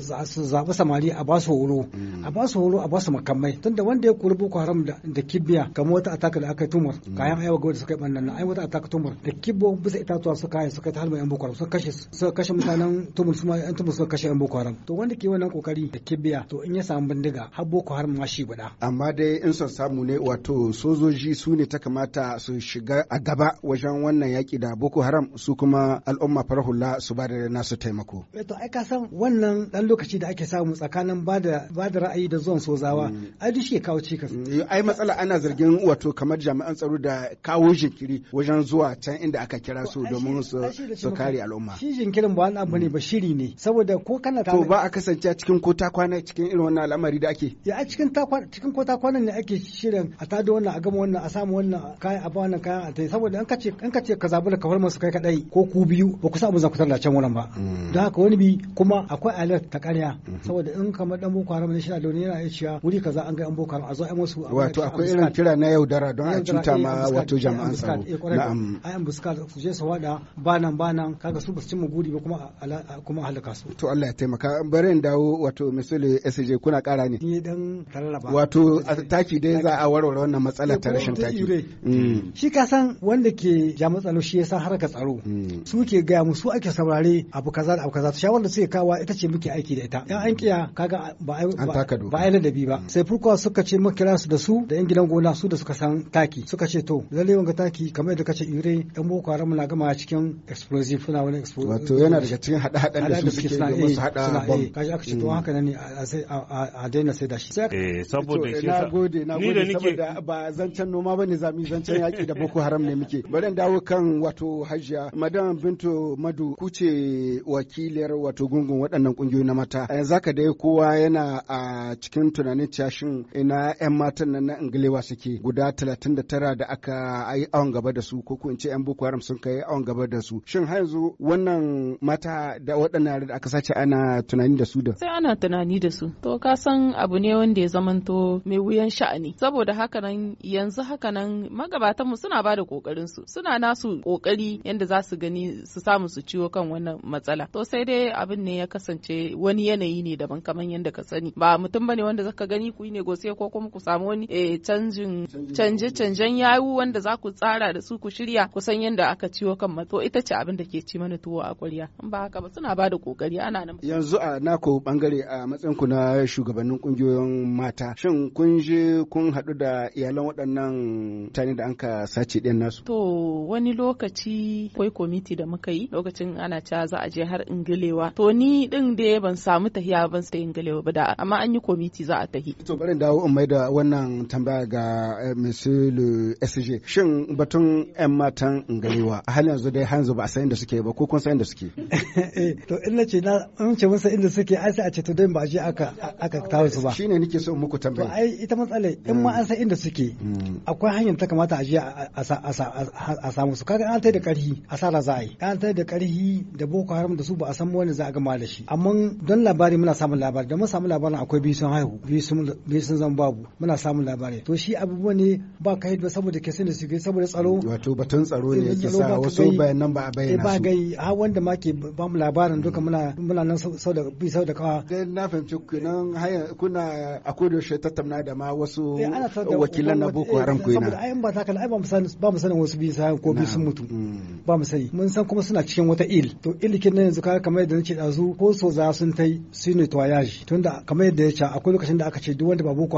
Speaker 4: zaɓi samari a ba su horo mm. a ba su horo a ba su makamai tunda wanda ya kori Boko Haram da kibiya kamar wata ataka da aka yi tumur mm. kayan ayawa gaba da suka yi bannan nan ai wata ataka tumur da kibbo bisa itatuwa suka yi suka ta halma yan Boko Haram suka kashe suka kashe mutanen tumur su ma yan tumur suka kashe yan Boko Haram to wanda ke wannan kokari da kibiya to in ya samu bindiga har Boko Haram ma shi guda amma
Speaker 3: dai in son samu ne wato sojoji su ne ta kamata su shiga a gaba wajen wannan yaƙi da boko haram su kuma al'umma farahula su ba da nasu taimako.
Speaker 4: Eh to ai ka san wannan dan lokaci da ake samu tsakanin ba da ra'ayi da zuwan sozawa mm. ai duk shi kawo cikas.
Speaker 3: Mm, ai matsala ana zargin wato kamar jami'an tsaro da kawo jinkiri wajen zuwa can inda aka kira su domin su kare al'umma.
Speaker 4: shi jinkirin ba wani abu ne mm. ba shiri ne saboda ko kana. to ba a kasance cikin ko ta kwana
Speaker 3: cikin irin wannan al'amari da ake. ya
Speaker 4: a cikin ta cikin ko ta kwanan ne ake shirin a tada wannan a gama wannan a samu wannan kayan a ba wannan kayan a tai saboda in kace in kace ka zabi da kafar musu kai kadai ko ku biyu ba ku samu zakutar da can wannan ba mm. don haka wani bi kuma akwai alert ta ƙarya mm-hmm. saboda in kamar dan boko haram ne shi da yana iya cewa wuri kaza an ga yan boko haram a zo a musu wato akwai irin kira
Speaker 3: na yau dara don a cuta eh, ma wato jama'an tsaro eh, na'am
Speaker 4: ayan buska su je su wada ba nan ba nan kaga su basu cimma guri ba kuma kuma halaka su to Allah ya
Speaker 3: taimaka bari in dawo wato misali SJ kuna kara ne ni dan tarraba wato a taki
Speaker 4: dai za a warware wannan matsalar ta rashin taki mm. shi ka san wanda ke ja matsalo shi ya san ka tsaro mm. su ke gaya mu su ake saurare abu kaza da abu kaza shawar da suke kawa ita ce muke aiki da ita yan an mm. kiya kaga ba a yi ladabi ba sai furko suka ce mu kira su da su da yan gidan gona su da suka san taki suka ce to lalle wanga taki kamar yadda ce ire yan boko haram na gama cikin explosive suna wani explosive wato yana daga cikin hada hadan da su suke yi masu hada bom. kaji aka ce to haka ne a daina sai da shi eh, saboda na gode na gode saboda
Speaker 3: ba zancen noma ne zami zancen yaki da boko haram ne muke bari dawo kan wato hajiya madam bintu madu kuce wakiliyar wato gungun waɗannan kungiyoyi na mata yanzu haka dai kowa yana a cikin tunanin cashin ina yan matan nan na ingilewa suke guda 39 da aka yi awon gaba da su ko ko in ce yan boko haram sun kai awon gaba da su shin har yanzu wannan mata da waɗannan da aka sace ana tunani da su da
Speaker 1: sai ana tunani da su to ka san abu ne wanda ya zamanto mai wuyan sha'ani saboda haka nan yanzu haka nan magabatan mu suna bada kokarin su suna nasu kokari yanda za su gani su samu su ciwo kan wannan matsala to sai dai abin ne ya kasance wani yanayi ne daban kaman yanda ka sani ba mutum bane wanda zaka gani ku yi ne gose ko kuma ku samu wani eh, canjin canje canjen yawu wanda za ku tsara da su ku shirya kusan yanda aka ciwo kan matso ita ce abin da ke ci mana tuwo a kwarya in ba haka ba suna bada kokari ana nan
Speaker 3: yanzu a nako bangare a matsayin ku na shugabannin kungiyoyin mata shin kun je kun haɗu da iyalan waɗannan tani da an ka sace ɗin nasu?
Speaker 1: To wani lokaci akwai komiti da muka yi lokacin ana cewa za a je har Ingilewa. To ni ɗin dai ban samu tahiya ban sai Ingilewa ba da amma an yi komiti za a tahi. To bari
Speaker 3: dawo in mai da wannan tambaya ga eh, Monsieur SG. Shin batun 'yan matan Ingilewa
Speaker 4: a halin yanzu dai hanzu ba a
Speaker 3: san inda suke ba ko kun san inda suke?
Speaker 4: Eh, to in na ce na in ce musu inda suke ai sai a ce to dai ba a je aka aka kawo su ba. Shine nake so muku tambaya. ai ita matsala in ma an san inda suke mm. akwai hanyar ta kamata a je a samu su kaga an tai da karhi asara za a yi an tai da karhi da boko haram da su ba a san wani za a gama da shi amma don labari muna samun labari da mun samu labarin akwai biyu sun haihu biyu sun zan babu muna samun labari to shi abubuwa ne ba ka ba saboda ke sun da su saboda tsaro wato batun tsaro ne ke sa wasu bayanan ba a eh, bayyana su ba gai ha wanda ma ke ba mu labarin duka muna muna nan sau da bi sau da kawa na fahimci kunan haya kuna a kodayaushe tattauna tattauna da ma wasu eh, wakilan na Boko Haram eh, ko ina. Ai ba takala ai ba mu sani ba mu sani wasu bi sai ko bi sun mutu. Mm. Ba mu sani mun san kuma suna cikin wata il. To il kin yanzu ka kamar yadda da zu. ko so za sun tai su ne toyaji tunda kamar yadda ce akwai lokacin da aka ce duk wanda ba Boko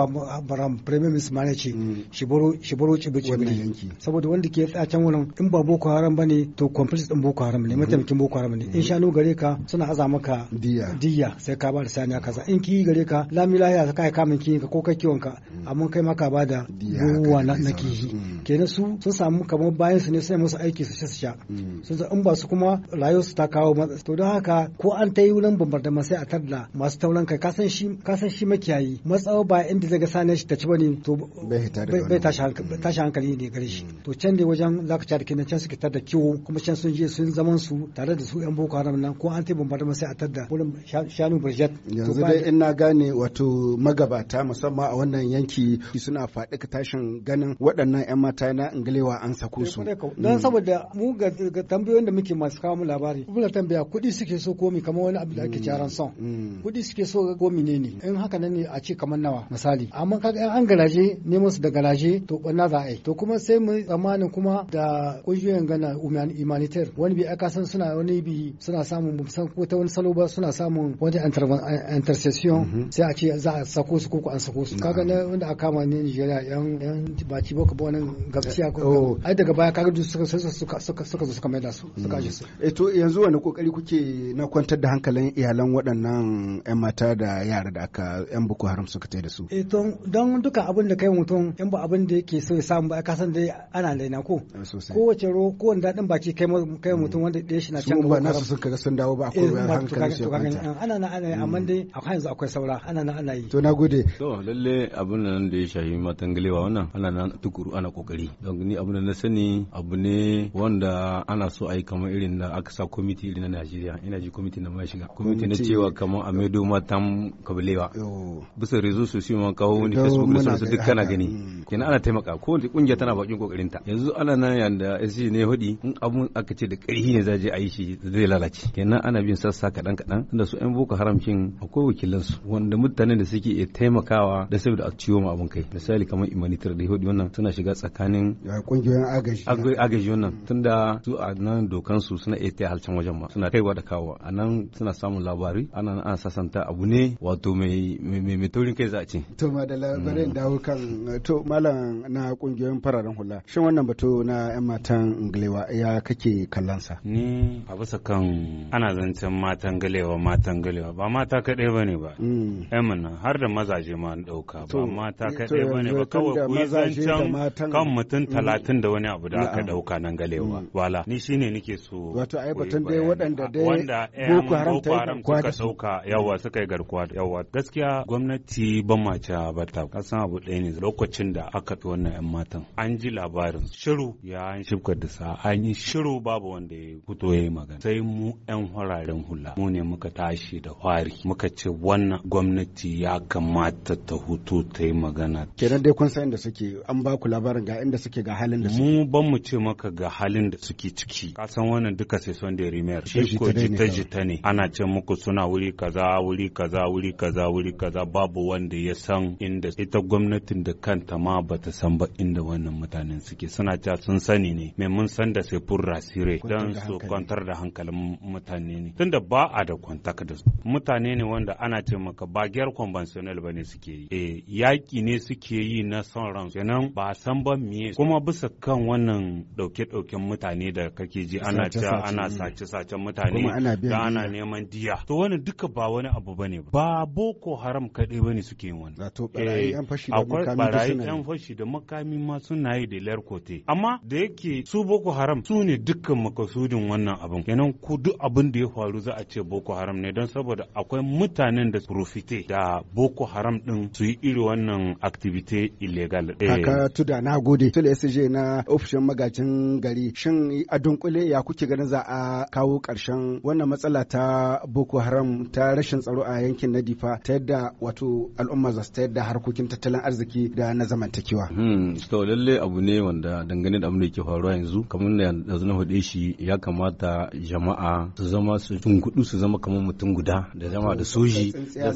Speaker 4: Haram Premier Minister ma ce shiboro mm. shiboro ci boro cibi cibi saboda wanda ke tsaya can wurin in ba Boko Haram bane to complice din Boko Haram ne mm-hmm. mataimakin Boko Haram ne in mm-hmm. shanu gare ka suna aza maka diya sai ka ba da ka za in ki gare ka lami lahiya ka kai kamun ki ka ko ka kiwonka mm. amma kai maka ba da ruwa na kihi mm. kenan su sun samu kamar bayan su ne sai musu aiki su sha mm. su in ba su kuma rayuwar su ta kawo to don haka ko an ta yi wurin ma sai a tarda masu tauran kai kasan shi kasan shi makiyayi matsawa ba inda zai ga sane shi ta ci bane to
Speaker 3: bai
Speaker 4: tashi hankali ne gare shi to can ne wajen zaka ci kenan can suke tarda kiwo kuma can sun je sun zaman su tare da su yan boko haram nan ko an ta yi ma sai a tarda wurin shanu burjet yanzu dai
Speaker 3: in na gane wato magabata musamman a wannan yanki suna faɗi ka tashin ganin waɗannan 'yan mata na ingilewa an sako su. Eh, Don
Speaker 4: saboda mu ga tambayoyin da muke masu kawo mu labari. Kuma tambaya kuɗi suke so komi kamar wani abu da ake jaran mm, son. Mm. Kuɗi suke so komi ne ne. In haka nan ne a ce kamar nawa misali. Amma kaga an garaje neman su da garaje to ɓanna za a yi. To kuma sai mu tsammanin kuma da ƙungiyoyin gana humanitarian wani bi aka san suna wani bi suna samun musan ko ta wani salo ba suna samun wani intercession mm-hmm. sai a ce za a sako su ko an sako su. kaga na wanda aka kama ne Nigeria yan yan ba ci boko ba gabciya ko oh. ai daga baya kaga duk suka suka suka suka zo suka maida su suka hmm. ji su
Speaker 3: eh to yanzu wani kokari kuke na kwantar da hankalin iyalan waɗannan yan mata da yara da aka yan boko haram suka tai da su
Speaker 4: eh to don duka abin da kai mutum in ba abin da yake so ya samu ba ka san dai ana laina ko eh, kowace ro ko wanda dadin baki kai kai mutum hmm. wanda ɗaya shi na can ba nasu sun kaga sun dawo ba akwai eh, hankalin shi ana na ana amma hmm. dai a yanzu akwai saura ana na ana yi to nagode to
Speaker 2: lalle lalle abin nan da ya shafi matan galewa wannan ana nan tukuru ana kokari don ni abin da na sani abu ne wanda ana so ai kamar irin da aka sa kwamiti irin na Najeriya ina ji kwamiti na mai shiga kwamiti na cewa kamar a maido matan kabilewa bisa rezo su shi man kawo ni facebook da sauransu duk kana gani kenan ana taimaka ko wani kungiya tana bakin kokarin ta yanzu ana nan yanda SC ne hudi in abun aka ce da karhi ne zaje a yi shi zai lalace kenan ana bin sassa kadan kadan da su yan boko haram kin akwai wakilansu su wanda mutanen da suke taimakawa da saboda a ciwo ma abun kai misali kamar imanitar da yahudi wannan suna shiga tsakanin
Speaker 3: kungiyoyin agaji
Speaker 2: agaji wannan tunda su a nan dokan su suna iya taya halcin wajen ma suna kaiwa da kawo a nan suna samun labari ana an sasanta abu ne wato mai mai taurin kai za a ce
Speaker 3: to ma da labarin dawo kan to malam na kungiyoyin fararen hula shin wannan batu na yan matan ngalewa ya kake kallansa ni
Speaker 5: a bisa kan ana zancen matan galewa matan galewa ba mata kaɗai ba ne ba yan mm. har da mazaje ma ɗauka ba mata eh, kaɗai ba ne ba kawai ku zancen kan mutum mm. talatin da wani abu da aka ɗauka nan galewa mm. wala ni shine nike so wato ai batun dai waɗanda
Speaker 3: dai wanda boko haram ta yi garkuwa da
Speaker 5: yawa suka yi garkuwa yawa gaskiya gwamnati ban ci ba ta kasan abu ɗaya ne lokacin da aka fi wannan 'yan matan an ji labarin shiru ya an shifka da sa an yi shiru babu wanda ya fito ya yi magana sai mu 'yan hararen hula mu ne muka tashi da fari muka ce wannan gwamnati ya kamata ta hutu ta yi magana.
Speaker 3: Kenan dai kun san da suke an ba ku labarin ga inda suke ga halin da suke.
Speaker 5: Mu ban mu ce maka ga halin da suke ciki. Ka san wannan duka sai son da rimiyar. Shi ko jita jita ne. Ana ce muku suna wuri kaza wuri kaza wuri kaza wuri kaza babu wanda ya san inda ita gwamnatin da kanta ma bata san ba inda wannan mutanen suke suna cewa sun sani ne. Me mun san da sai fur rasire don su kwantar da hankalin mutane ne. Tunda ba a da kwantaka da su. Mutane ne wanda ana ce maka ba giyar conventional ba ne suke yi. e yaƙi ne suke yi na son ran kenan ba san ba miye kuma bisa kan wannan dauke dauken mutane da kake ji ana ta ana sace-sacen mutane da ana neman diya to wani duka ba wani abu bane ba boko haram kaɗai bane suke yin wannan to barayi yan fashi da makami ma suna yi da larkote amma da yake su boko haram su ne dukkan makasudin wannan abin kenan ku duk abin da ya faru za a ce boko haram ne don saboda akwai mutanen da profite da boko haram din su yi iri wannan activity illegal.
Speaker 3: Eh. Kaka tuda na gode. Tula SG na ofishin magajin gari. Shin a dunkule ya kuke ganin za a kawo ƙarshen wannan matsala ta Boko Haram ta rashin tsaro a yankin na Difa ta yadda wato al'umma za su ta yadda harkokin tattalin arziki da na zamantakewa.
Speaker 2: Hmm, to lalle abu ne wanda dangane da abin da ke faruwa yanzu kamar da yanzu na hude shi ya kamata jama'a su zama su tunkudu su zama kamar mutum guda da zama da soji da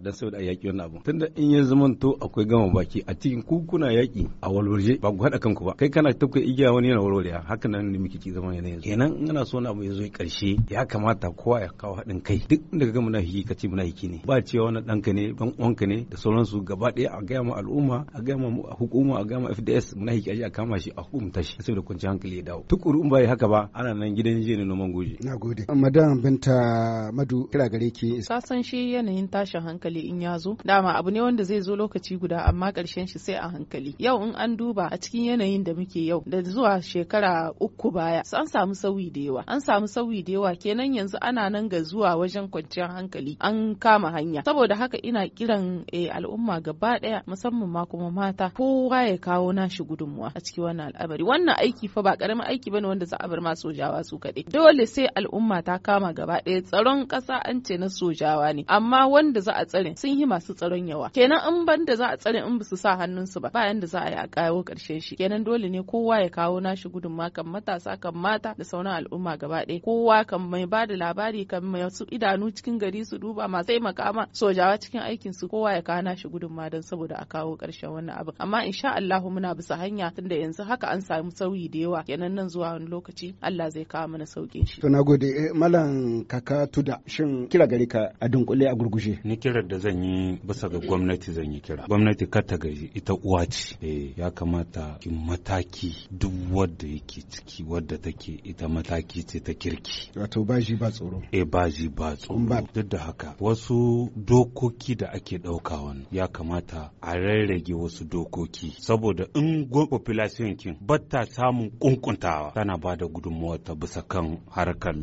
Speaker 2: da saboda a yaƙi wannan abu tunda in ya zamanto akwai gama baki a cikin kukuna yaki a walwalje ba ku haɗa kanku ba kai kana tafka igiya wani yana walwalya haka nan ne muke ci zaman yanayin kenan in ana so wani abu ya zo karshe ya kamata kowa ya kawo haɗin kai duk inda ka ga hiki ka ce hiki ne ba cewa wani ɗanka ne ɗan uwanka ne da sauransu gaba ɗaya a gaya ma al'umma a gaya ma hukuma a gaya ma FDS muna hiki aje a kama shi a hukunta shi saboda kwanci hankali ya dawo tukuru in ba haka ba ana nan gidan je ne noman goji
Speaker 3: na gode madam binta madu kira gare ki
Speaker 1: sasan shi yanayin tashin hankali in ya da dama abu ne wanda zai zo lokaci guda amma ƙarshen shi sai a hankali yau in an duba a cikin yanayin da muke yau da zuwa shekara uku baya an samu sauyi da yawa an samu sauyi da yawa kenan yanzu ana nan ga zuwa wajen kwanciyar hankali an kama hanya saboda haka ina kiran eh, al'umma gaba ɗaya musamman ma kuma mata kowa ya kawo nashi gudunmuwa a cikin wannan al'amari wannan aiki fa ba karamin aiki bane wanda za a bar ma sojawa su kaɗai dole sai al'umma ta kama gaba ɗaya tsaron ƙasa an ce na sojawa ne amma wanda za a tsare sun yi masu tsaro tsaron yawa kenan in ban da za a tsare in basu sa hannun su ba bayan da za a yi a kawo karshen shi kenan dole ne kowa ya kawo nashi gudunma kan matasa kan mata da sauran al'umma gaba ɗaya kowa kan mai ba da labari kan mai su idanu cikin gari su duba ma sai makama sojawa cikin aikin su kowa ya kawo nashi gudunma don saboda a kawo karshen wannan abu amma insha Allah muna bisa hanya tunda yanzu haka an samu sauyi da yawa kenan nan zuwa wani lokaci Allah zai kawo mana sauƙin shi
Speaker 3: to gode eh, malam kaka tuda shin kira gari ka a dunkule a gurguje
Speaker 5: ni kiran da zan yi bisa ga gwamnati zan yi kira gwamnati kar ta ita uwa ce eh, ya kamata ki mataki duk wadda yake ciki wadda take ita mataki ce ta kirki wato baji ba tsoro eh baji ba tsoro duk da haka wasu dokoki da ake dauka wani ya kamata a rarrage wasu dokoki saboda in population kin batta samun kunkuntawa tana ba da gudunmawa ta bisa kan harkar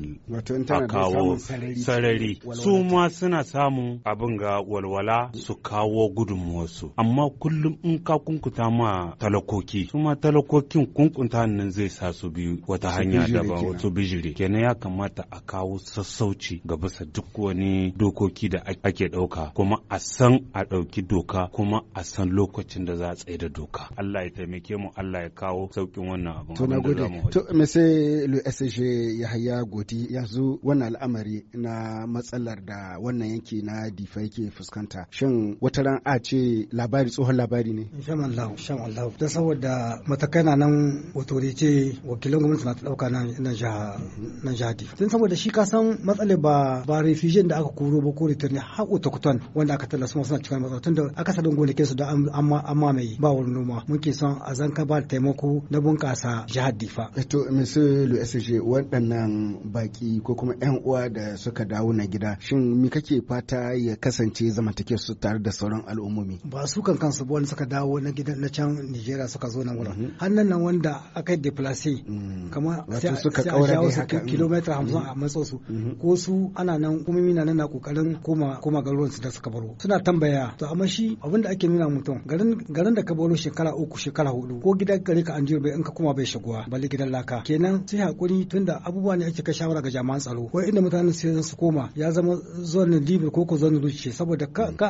Speaker 3: a kawo sarari su ma
Speaker 5: suna samun abin ga walwala su kawo gudunmuwarsu amma kullum in ka kunkuta ma talakoki su ma talakokin kunkunta nan zai sa su biyu wata hanya daban su bijire kenan ya kamata a kawo sassauci ga bisa duk wani dokoki da ake ɗauka kuma a san a ɗauki doka kuma a san lokacin da za a tsaye da doka Allah ya taimake mu Allah ya kawo sauƙin wannan abin to na gode to
Speaker 3: mese lu SG Yahaya Goti yanzu wannan al'amari na matsalar da wannan yanki na Difa yake fuskanta shin wata ran a ce labari tsohon labari ne
Speaker 4: inshan Allah inshan Allah don saboda matakai na nan ce wakilan gwamnati na dauka nan nan jaha nan jahadi don saboda shi ka san matsale ba ba refugee da aka koro ba ko return ne haƙo takutan wanda aka tallasa suma suna cikin da tunda akasarin gonakin su da an mai ba wurin noma muke son a zanka ba taimako na bunƙasa jihar fa. eto eh monsieur
Speaker 3: le SG waɗannan baki ko kuma yan uwa da suka dawo na gida shin me kake fata ya kasance zamantakewa su tare da sauran al'ummomi
Speaker 4: ba su kan kansu ba wani suka dawo na gidan na can Nigeria suka zo nan wurin mm-hmm. Hannun nan wanda aka yi deplace mm. kamar sai suka kaura ne haka kilomita mm-hmm. hamsin a matso su mm-hmm. ko su ana nan kuma mina nan kokarin koma koma garuruwan su da suka baro suna tambaya to amma shi abin da ake nuna mutum garin garin da ka baro shekara uku shekara hudu ko gidan gari ka an bai in ka koma bai shigowa balle gidan laka kenan sai hakuri tunda abubuwa ne ake ka shawara ga jami'an tsaro ko inda mutanen sai su koma ya zama zonin libir ko ko zonin ruce saboda ka mm. ka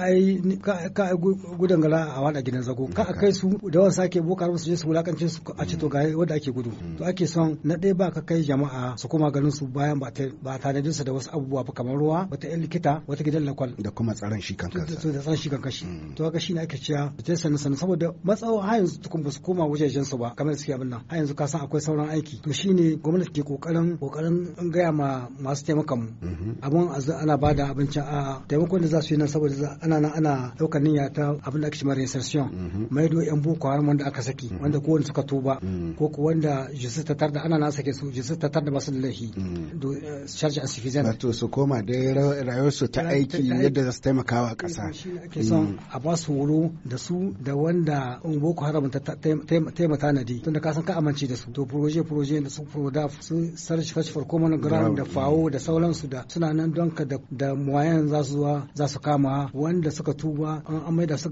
Speaker 4: kai ka gudun gala a wada gidan zago ka a kai su da wasu ake bukar su je su wulakancin su a ce to ga wanda ake gudu mm. to ake son na ɗaya ba ka kai jama'a su koma ganin su bayan ba ta da da wasu abubuwa ba kamar ruwa wata yan likita wata gidan lakwal da kuma tsaron shi kan kansa da tsaron shi kan kashi mm. to haka shine ake cewa ta sanin sanin saboda matsawo har yanzu tukun ba su koma wajejen su ba kamar suke abin nan har yanzu ka san akwai sauran aiki to shine gwamnati ke kokarin kokarin gaya ma masu taimakon mu mm-hmm. abun ana bada abincin a taimakon da za su yi nan saboda ana nan ana ɗaukar niyya ta abin da ake cewa reinsertion mhm. do yan boko haram wanda aka saki mhm. wanda kowanne suka tuba mhm. ko ko wanda jisu ta tarda ana na sake su jisu ta tarda masu lahi do eh, charge insuffisant wato su koma da rayuwar su ta aiki yadda za
Speaker 3: su taimaka wa eh, ƙasa ake son
Speaker 4: a ba su horo da su da wanda in boko haram ta taimata na di tunda ka san ka amince da su to proje proje da su proda su search search for common ground da fawo da sauransu da suna nan don ka da muwayan za su za su kama wanda suka tuba an maida su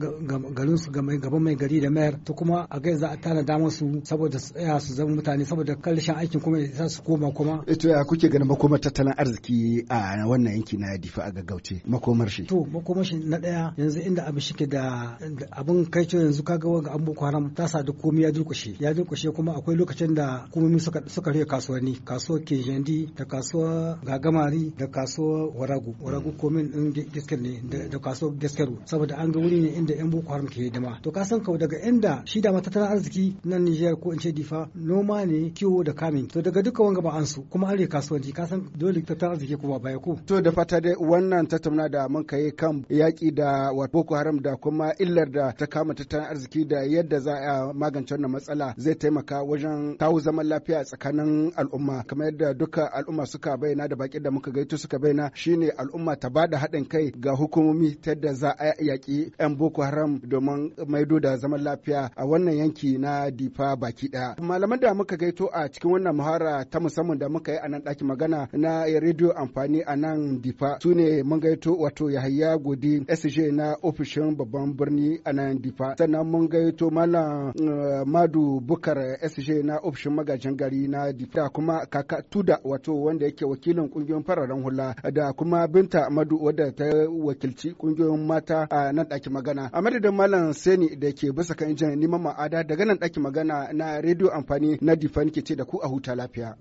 Speaker 4: garin su gaban mai gari da mayar to kuma a gai za a tana dama su saboda tsaya su zama mutane saboda karshen aikin kuma ya su koma kuma. to ya kuke ganin makomar tattalin arziki a wannan yanki na difa a gaggauce makomar shi. To makomar shi na daya yanzu inda abu shike da abun kai yanzu kaga wanga an boko haram ta sa duk komai ya durkushe ya durkushe kuma akwai lokacin da hukumomi suka suka rage kasuwanni kasuwar kejandi da kasuwar gagamari da kasuwar waragu waragu mm. komin din gaskiya ne da kasuwar askaru saboda an ga wuri ne inda yan boko haram ke dama to ka san kawai daga inda shi da tattalin arziki nan Nijar ko in ce difa noma ne kiwo da kamin to daga duka wanga ba an su kuma an kasuwanci ka san dole tattalin arziki ko ba baya ko to da fata dai wannan tattauna
Speaker 3: da mun kai kan yaki da boko haram da kuma illar da ta kama tattalin arziki da yadda za a magance wannan matsala zai taimaka wajen kawo zaman lafiya tsakanin al'umma kamar yadda duka al'umma suka bayyana da baki da muka gaito suka bayyana shine al'umma ta bada haɗin kai ga hukumomi ta da za a yaƙi 'yan Boko Haram domin maido da zaman lafiya a wannan yanki na Difa baki ɗaya. Malaman da muka gaito a cikin wannan muhara ta musamman da muka yi a nan ɗakin magana na rediyo amfani a nan Difa su ne mun gaito wato Yahaya Godi SJ na ofishin babban birni a nan Difa. Sannan mun gaito Malam eh, Madu Bukar SJ na ofishin magajin gari na Difa da kuma Kaka Tuda wato wanda yake wakilin kungiyoyin fararen hula da kuma Binta Madu wadda ta wakilci kungiyoyin mata a nan ɗakin magana. A madadin Malam Seni da ke bisa kan injin neman ma'ada daga nan ɗakin magana na rediyo amfani na Difan ke ce da ku a huta lafiya.